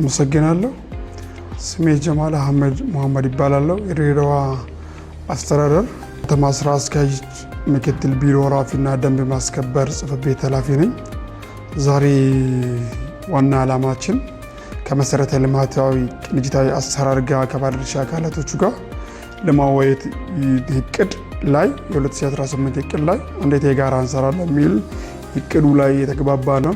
አመሰግናለሁ። ስሜ ጀማል አህመድ ሙሐመድ ይባላለሁ። የድሬዳዋ አስተዳደር ከተማ ስራ አስኪያጅ ምክትል ቢሮ ኃላፊና ደንብ ማስከበር ጽፈት ቤት ኃላፊ ነኝ። ዛሬ ዋና ዓላማችን ከመሰረተ ልማታዊ ቅንጅታዊ አሰራር ጋር ከባለድርሻ አካላቶቹ ጋር ለማወያየት እቅድ ላይ የ2018 እቅድ ላይ እንዴት የጋራ እንሰራለን የሚል እቅዱ ላይ የተግባባ ነው።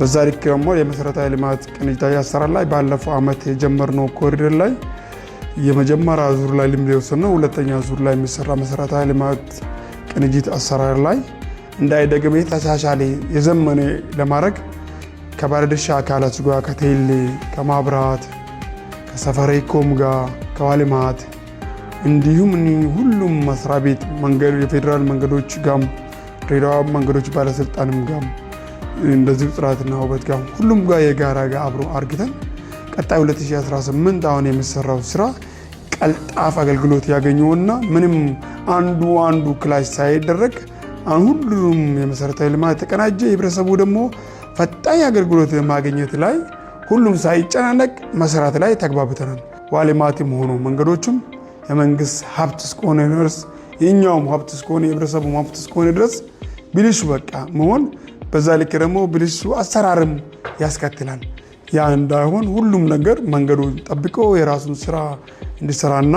በዛ ልክ ደግሞ የመሰረታዊ ልማት ቅንጅታዊ አሰራር ላይ ባለፈው ዓመት የጀመርነው ኮሪደር ላይ የመጀመሪያ ዙር ላይ ልምድ የወሰድነው ሁለተኛ ዙር ላይ የሚሰራ መሰረታዊ ልማት ቅንጅት አሰራር ላይ እንዳይደግም ተሻሻለ የዘመነ ለማድረግ ከባለድርሻ አካላት ጋር ከቴሌ፣ ከማብራት፣ ከሰፈሬኮም ጋር ከዋልማት እንዲሁም ሁሉም መስሪያ ቤት መንገዱ የፌዴራል መንገዶች ጋም ድሬዳዋ መንገዶች ባለስልጣንም ጋም እንደዚህ ጥራትና ውበት ጋር ሁሉም ጋር የጋራ ጋር አብሮ አርግተን ቀጣይ 2018 አሁን የሚሰራው ስራ ቀልጣፍ አገልግሎት ያገኘውና ምንም አንዱ አንዱ ክላሽ ሳይደረግ አሁን ሁሉም የመሰረታዊ ልማት የተቀናጀ የህብረተሰቡ ደግሞ ፈጣኝ አገልግሎት ማግኘት ላይ ሁሉም ሳይጨናነቅ መሰራት ላይ ተግባብተናል። ውሃ ሆኑ መንገዶችም የመንግስት ሀብት እስከሆነ ድረስ የእኛውም ሀብት እስከሆነ የህብረተሰቡ ሀብት እስከሆነ ድረስ ብልሽ በቃ መሆን በዛ ልክ ደግሞ ብልሹ አሰራርም ያስከትላል። ያ እንዳይሆን ሁሉም ነገር መንገዱ ጠብቆ የራሱን ስራ እንዲሰራና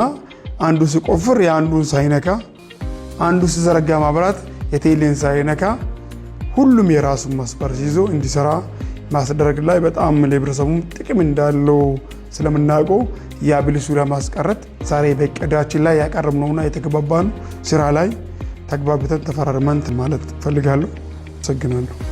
አንዱ ሲቆፍር የአንዱን ሳይነካ፣ አንዱ ሲዘረጋ ማብራት የቴሌን ሳይነካ ሁሉም የራሱን መስበር ይዞ እንዲሰራ ማስደረግ ላይ በጣም ለህብረተሰቡ ጥቅም እንዳለው ስለምናውቀው ያ ብልሹ ለማስቀረት ዛሬ በእቅዳችን ላይ ያቀረብነውና የተግባባን ስራ ላይ ተግባብተን ተፈራርመንት ማለት ፈልጋለሁ። አመሰግናለሁ።